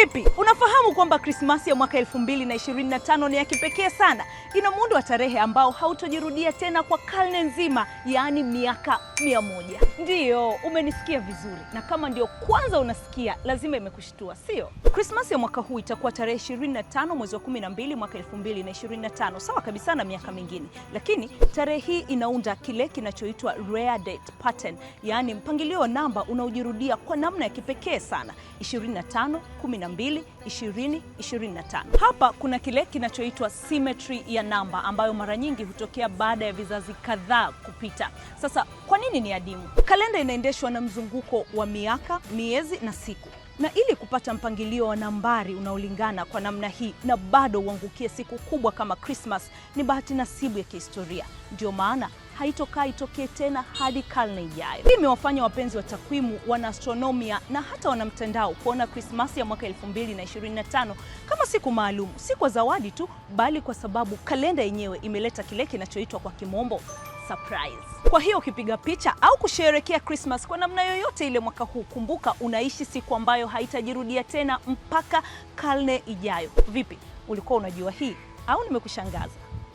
Vipi, unafahamu kwamba Krismasi ya mwaka 2025 ni ya kipekee sana? Ina muundo wa tarehe ambao hautojirudia tena kwa karne nzima, yaani miaka mia moja. Ndiyo, umenisikia vizuri, na kama ndio kwanza unasikia, lazima imekushtua, sio? Krismasi ya mwaka huu itakuwa tarehe 25 mwezi wa 12 mwaka 2025, sawa kabisa na miaka mingine, lakini tarehe hii inaunda kile kinachoitwa rare date pattern, yaani mpangilio wa namba unaojirudia kwa namna ya kipekee sana: 25, 12, 20, 25. Hapa kuna kile kinachoitwa symmetry ya namba ambayo mara nyingi hutokea baada ya vizazi kadhaa kupita. Sasa kwa nini Duniani ni adimu. Kalenda inaendeshwa na mzunguko wa miaka, miezi na siku, na ili kupata mpangilio wa nambari unaolingana kwa namna hii na bado uangukie siku kubwa kama Krismas ni bahati nasibu ya kihistoria. Ndiyo maana haitokaa itokee tena hadi karne ijayo. Hii imewafanya wapenzi wa takwimu, wanaastronomia na hata wanamtandao kuona Krismasi ya mwaka 2025 kama siku maalum, si kwa zawadi tu, bali kwa sababu kalenda yenyewe imeleta kile kinachoitwa kwa kimombo surprise. Kwa hiyo ukipiga picha au kusherehekea Christmas kwa namna yoyote ile mwaka huu, kumbuka unaishi siku ambayo haitajirudia tena mpaka karne ijayo. Vipi, ulikuwa unajua hii au nimekushangaza?